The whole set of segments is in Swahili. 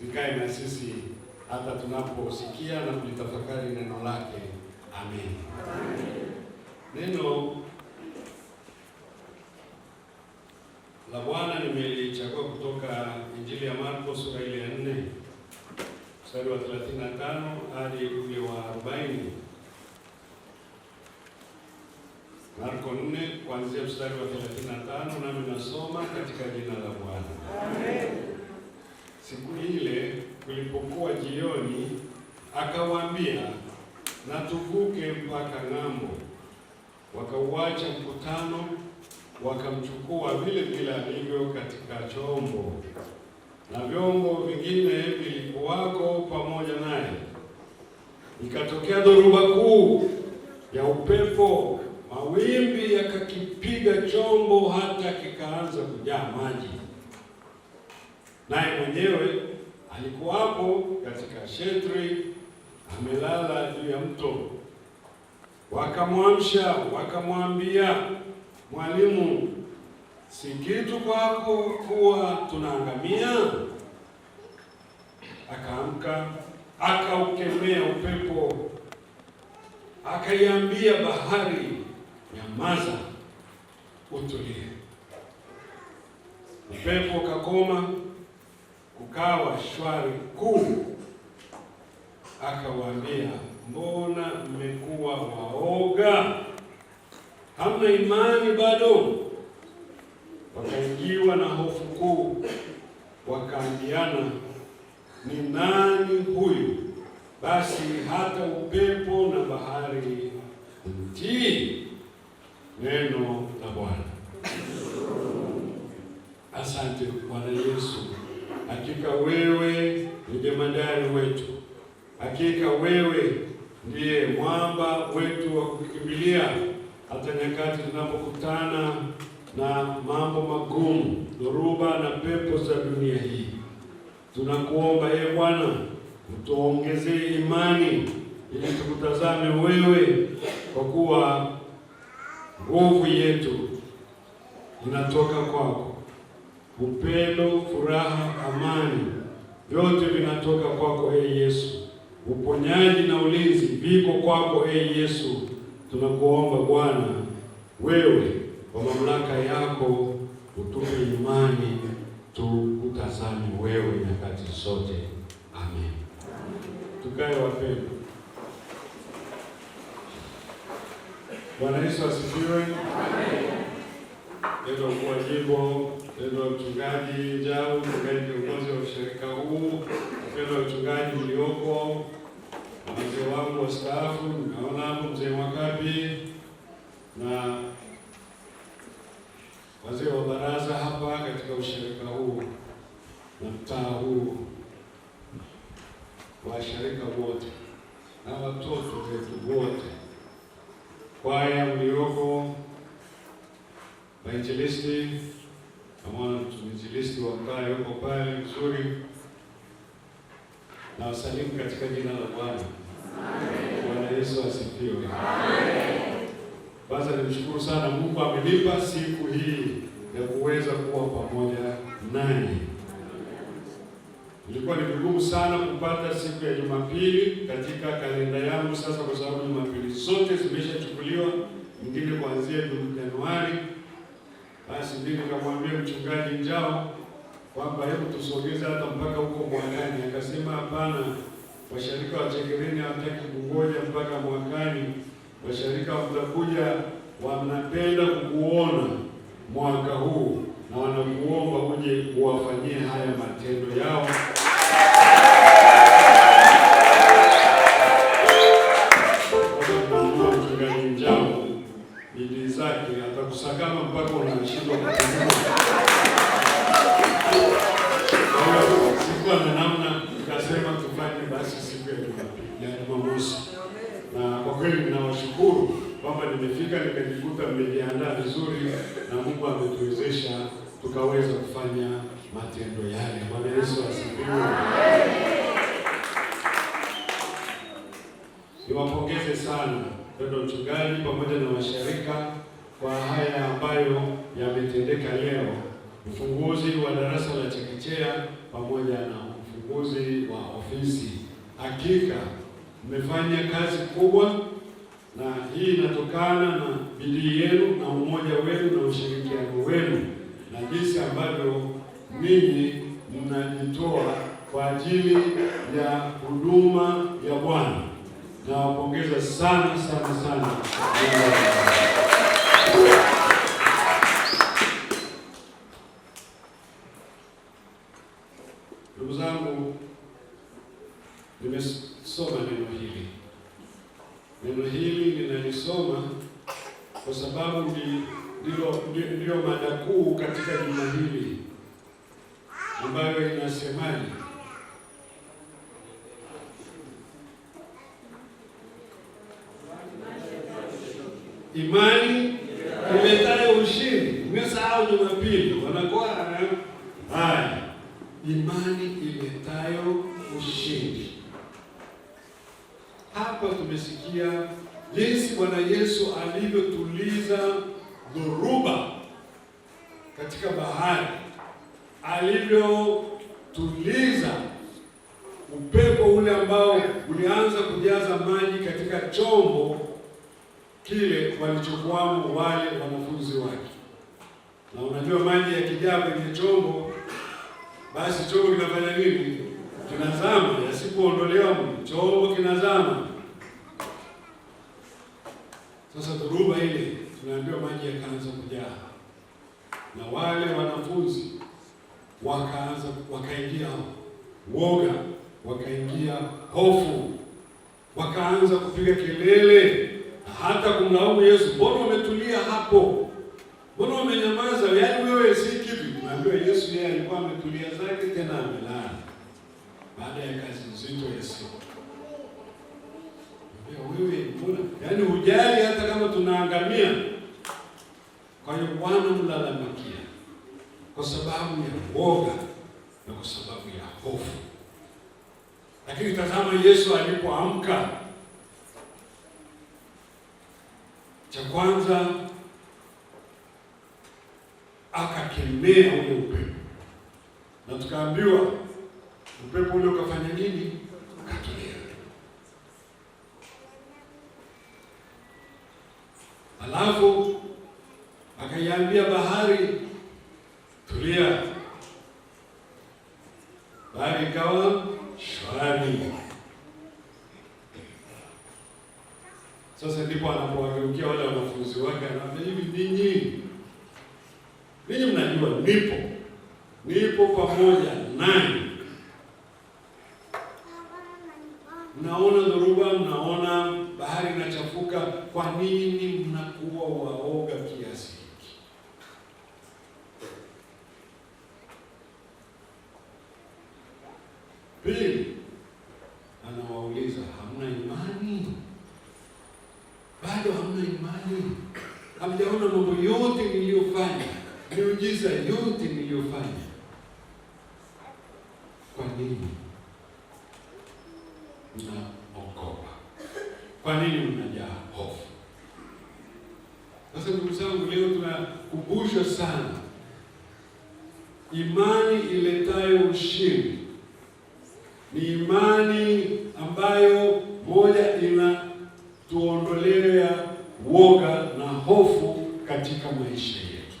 vikae na sisi hata tunaposikia na kulitafakari neno lake. Amen. Neno la Bwana nimelichagua kutoka Injili ya Marko sura ile ya 4 mstari wa 35 hadi ule wa 40. Marko 4 kuanzia mstari wa 35, nami nasoma katika jina la Bwana. Amen siku ile kulipokuwa jioni, akawaambia, natuvuke mpaka ng'ambo. Wakauacha mkutano, wakamchukua vile vile alivyo katika chombo, na vyombo vingine vilikuwako pamoja naye. Ikatokea dhoruba kuu ya upepo, mawimbi yakakipiga chombo hata kikaanza kujaa maji naye mwenyewe alikuwa hapo katika shetri amelala juu ya mto. Wakamwamsha wakamwambia, Mwalimu, si kitu kwako kuwa tunaangamia? Akaamka akaukemea upepo, akaiambia bahari, nyamaza, utulie. Upepo kakoma ukawa shwari kuu. Akawaambia, mbona mmekuwa waoga? Hamna imani bado? Wakaingiwa na hofu kuu, wakaambiana, ni nani huyu basi hata upepo na bahari mtii? Neno la Bwana. Asante Bwana Yesu. Hakika wewe ni jemadari wetu, hakika wewe ndiye mwamba wetu wa kukimbilia, hata nyakati tunapokutana na mambo magumu, dhoruba na pepo za dunia hii. Tunakuomba ye ee Bwana, utuongezee imani ili tukutazame wewe, kwa kuwa nguvu yetu inatoka kwako upendo, furaha, amani, vyote vinatoka kwako ee Yesu. Uponyaji na ulinzi viko kwako ee Yesu. Tunakuomba Bwana, wewe kwa mamlaka yako utupe imani tukutazame wewe nyakati zote. Amen. Tukae wapendwa. Bwana Yesu asifiwe. Amen. Ndio kwa jibu mpendwa mchungaji Njau, mchungaji kiongozi wa ushirika huu, mpendwa mchungaji mlioko na wazee wangu wastaafu, nimeona hapo mzee Mwakabi na wazee wa baraza hapa katika ushirika huu na mtaa huu, washirika wote na watoto wetu wote, kwaya mlioko, wainjilisti mwinjilisti wa yuko pale mzuri, na wasalimu katika jina la Bwana. Bwana Yesu asifiwe. Kwanza nimshukuru sana Mungu amenipa siku hii ya kuweza kuwa pamoja naye. Ilikuwa ni vigumu sana kupata siku ya Jumapili katika kalenda yangu sasa, kwa sababu Jumapili zote zimeshachukuliwa, nyingine kuanzia Januari basi mimi nikamwambia mchungaji Njao kwamba hebu tusogeze hata mpaka huko mwakani. Akasema hapana, washarika wa Chekereni hawataki kungoja mpaka mwakani. Washarika watakuja, wanapenda kukuona mwaka huu na wanakuomba uje uwafanyie haya matendo yao. matendo yale. Bwana Yesu asifiwe. Niwapongeze sana mpendwa mchungaji pamoja na washirika kwa haya ambayo yametendeka leo, ufunguzi wa darasa la chekechea pamoja na ufunguzi wa ofisi. Hakika mmefanya kazi kubwa, na hii inatokana na bidii yenu na umoja wenu na ushirikiano wenu na jinsi ambavyo ninyi mnajitoa kwa ajili ya huduma ya Bwana. Nawapongeza sana sana sana. imani imetaja ushindi. Umesahau Jumapili wanakuwa eh? haya, imani imetayo ushindi. Hapa tumesikia jinsi Bwana Yesu alivyotuliza dhoruba katika bahari, alivyotuliza upepo ule ambao ulianza kujaza maji katika chombo kile walichokuwamo wale wanafunzi wake. Na unajua maji yakijaa kwenye chombo, basi chombo kinafanya nini? Kinazama. Yasipoondolewa chombo kinazama. Sasa dhoruba ile, tunaambiwa maji yakaanza kujaa, na wale wanafunzi wakaanza wakaingia woga, wakaingia hofu, wakaanza kupiga kelele hata kumlaumu Yesu, mbona umetulia hapo, mbona umenyamaza? Yaani wewe si kitu. Unaambiwa Yesu yeye alikuwa ametulia zake, tena amelala baada ya kazi nzito ya siku. Wewe mbona yaani hujali hata kama tunaangamia? Kwa hiyo Bwana mlalamikia kwa sababu ya uoga na kwa sababu ya hofu, lakini tazama Yesu alipoamka Cha kwanza akakemea ule upepo, na tukaambiwa upepo ule ukafanya nini? Ukatulia. Alafu akaiambia bahari dhoruba, mnaona bahari inachafuka. Kwa nini mnakuwa waoga kiasi hiki? Pili, anawauliza hamna imani? Bado hamna imani? Hamjaona mambo yote niliyofanya, miujiza yote niliyofanya Sasa ndugu zangu, leo tunakumbusha sana imani iletayo ushindi ni imani ambayo moja ya woga na hofu katika maisha yetu.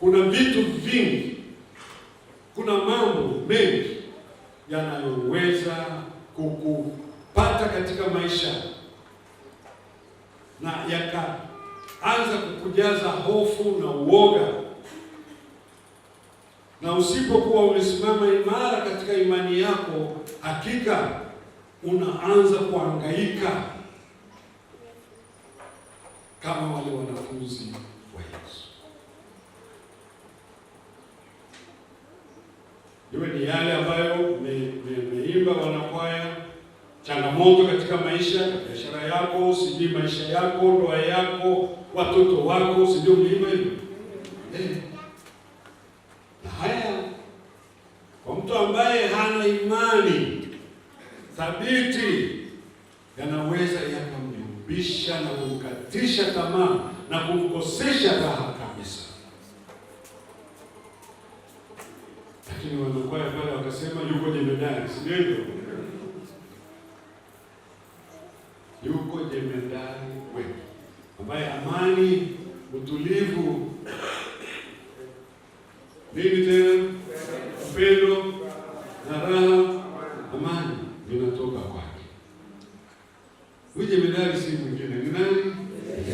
Kuna vitu vingi, kuna mambo mengi yanayoweza kukupata katika maisha na yaka anza kukujaza hofu na uoga, na usipokuwa umesimama imara katika imani yako, hakika unaanza kuangaika kama wale wanafunzi wa Yesu. Iwe ni yale ambayo meimba me, wanakwaya changamoto katika maisha, biashara yako, sijui maisha yako, ndoa yako, watoto wako, sijui mlima hivyo eh. Na haya kwa mtu ambaye hana imani thabiti, yanaweza yakamyumbisha na kumkatisha tamaa na kumkosesha raha kabisa. Lakini wanakwaya pale wakasema yuko jemedari, si ndivyo? na amani vinatoka kwake. Huyu jemedari si mwingine, ni nani?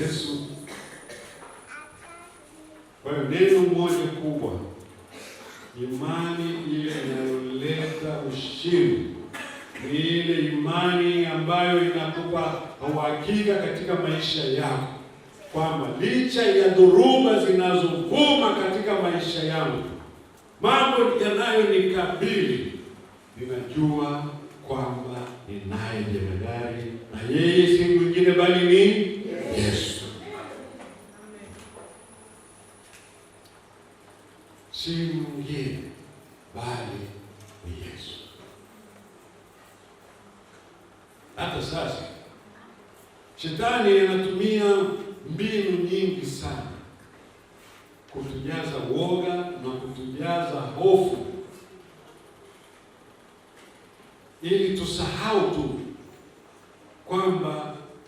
Yesu. Kwa hiyo neno moja kubwa, imani ile inayoleta ushindi ni ile imani ambayo inakupa uhakika katika maisha yako kwamba licha ya dhoruba zinazovuma katika maisha yangu, mambo yanayonikabili ninajua kwamba ninaye jemadari na yeye si mwingine bali ni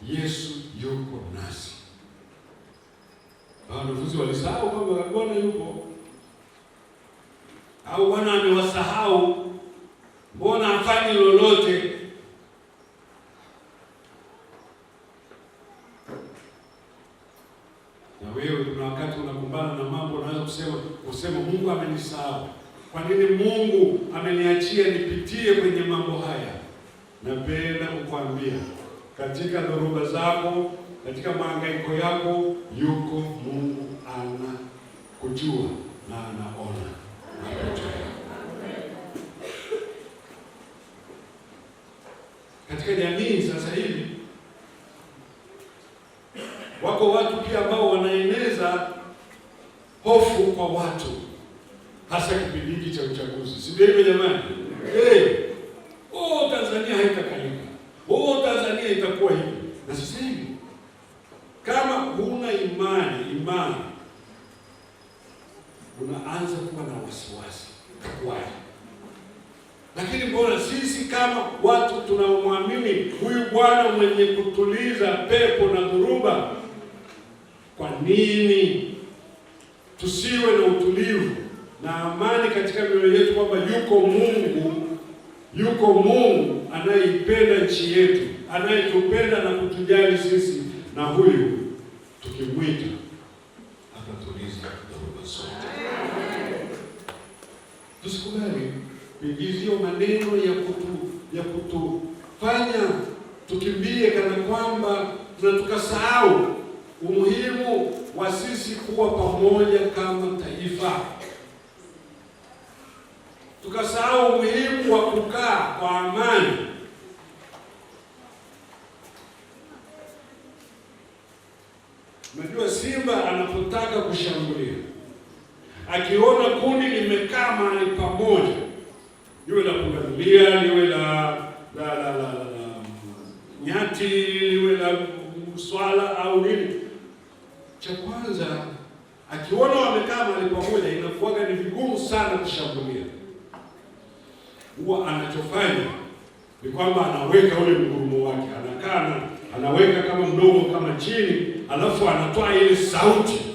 Yesu yuko nasi. Wanafunzi walisahau kwamba Bwana yuko au Bwana amewasahau, Bwana hafanyi lolote. Na wewe kuna wakati unakumbana na mambo, unaweza kusema kusema Mungu amenisahau. Kwa nini Mungu ameniachia nipitie kwenye mambo haya? Napenda kukwambia katika dhoruba zako, katika maangaiko yako, yuko Mungu anakujua na anaona Katika jamii sasa hivi wako watu pia ambao wanaeneza hofu kwa watu, hasa kipindi hiki cha uchaguzi, si ndio hivyo jamani? unaanza kuwa na wasiwasi wasi. Lakini mbona sisi kama watu tunaomwamini huyu Bwana mwenye kutuliza pepo na dhoruba, kwa nini tusiwe na utulivu na amani katika mioyo yetu kwamba yuko Mungu, yuko Mungu anayeipenda nchi yetu, anayetupenda na kutujali sisi, na huyu tukimwita inatuliza dhoruba zote. Tusikubali kuingizia maneno ya kutu, ya kutufanya tukimbie kana kwamba na tukasahau umuhimu wa sisi kuwa pamoja kama taifa, tukasahau umuhimu wa kukaa kwa amani. Unajua Simba ana kutaka kushambulia, akiona kundi limekaa mahali pamoja, liwe la pundamilia, liwe la la la la nyati, liwe la swala au nini, cha kwanza akiona wamekaa mahali pamoja, inakuwaga ni vigumu sana kushambulia. Huwa anachofanya ni kwamba anaweka ule mgurumo wake, anakaa anaweka kama mdogo kama chini, alafu anatoa ile sauti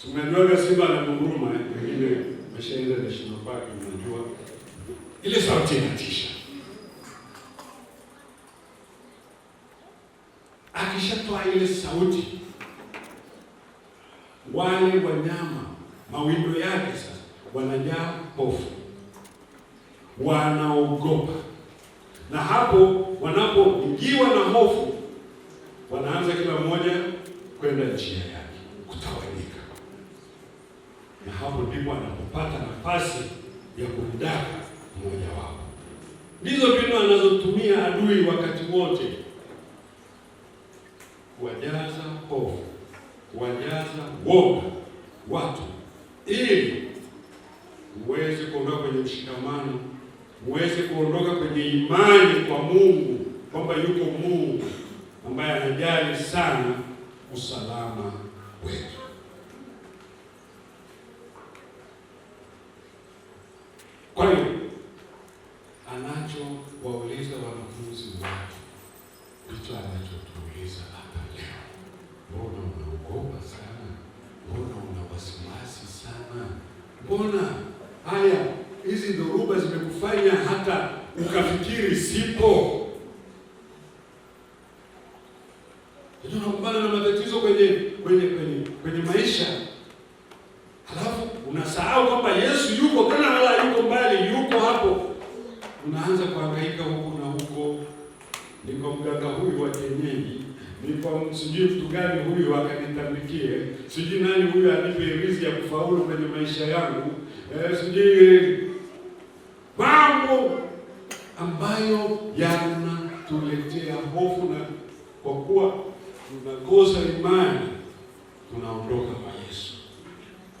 Tumejuaga Simba na Munguruma, eh, pengine meshaenda National Park, mnajua ile sauti inatisha. Akishatoa ile sauti, wale wanyama mawindo yake sasa wanajaa hofu, wanaogopa, na hapo wanapoingiwa na hofu, wanaanza kila mmoja kwenda njia yake. wako ndipo anapopata nafasi ya kumdaka mmoja wao. Ndizo mbinu anazotumia adui wakati wote kuwajaza hofu, kuwajaza woga watu, ili uweze kuondoka kwenye mshikamano, uweze kuondoka kwenye imani kwa Mungu kwamba yuko Mungu ambaye anajali sana usalama wetu. Mbona haya hizi dhoruba zimekufanya hata ukafikiri sipo? yangu eh, sijui eh, mambo ambayo yanatuletea hofu, na kwa kuwa tunakosa imani, tunaondoka kwa Yesu,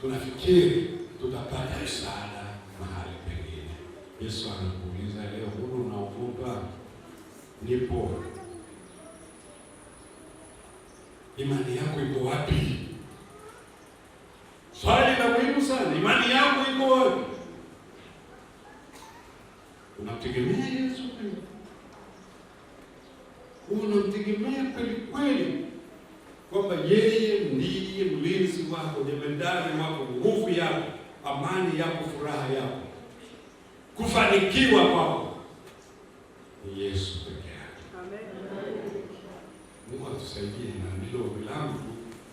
tunafikiri tutapata msaada mahali pengine. Yesu anakuuliza leo, huno unaogopa? Nipo. Imani yako iko wapi? Swali la muhimu sana, imani yako iko wapi? Unamtegemea Yesu kweli? Unamtegemea kweli kweli kwamba yeye ndiye mlinzi wako, jemedari wako, nguvu yako, amani yako, furaha yako, kufanikiwa kwako ni Yesu peke yake. Amen. Mungu atusaidie na ndilo langu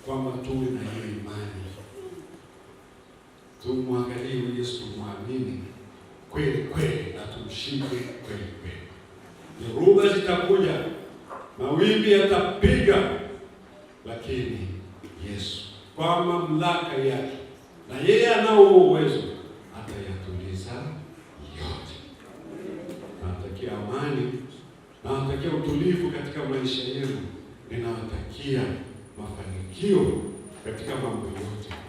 kwamba tuwe na yeye tumwangalie huyu Yesu, tumwamini kweli kweli na tumshike kweli kweli. Dhoruba zitakuja, mawimbi yatapiga, lakini Yesu kwa mamlaka yake na yeye anao uwezo atayatuliza yote. Nawatakia amani, nawatakia utulivu katika maisha yenu, ninawatakia mafanikio katika mambo yote.